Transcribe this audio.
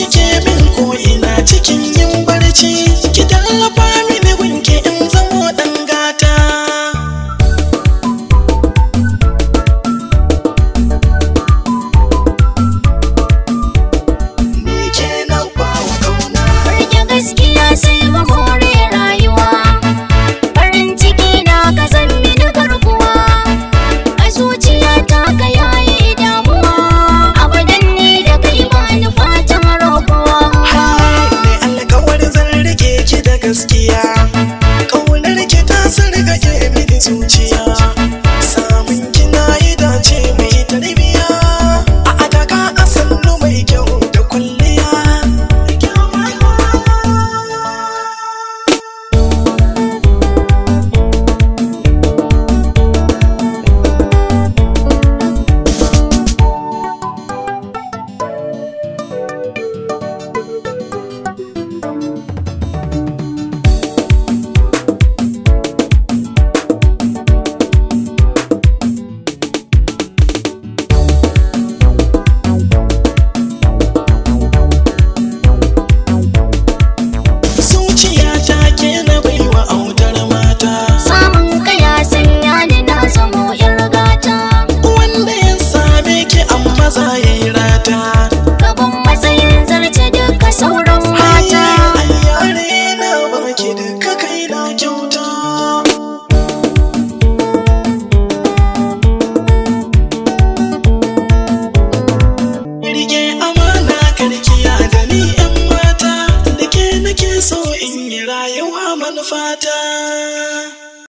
kike bin ko ina cikin gaskiya kaunar ki ta sarga ke mini zuci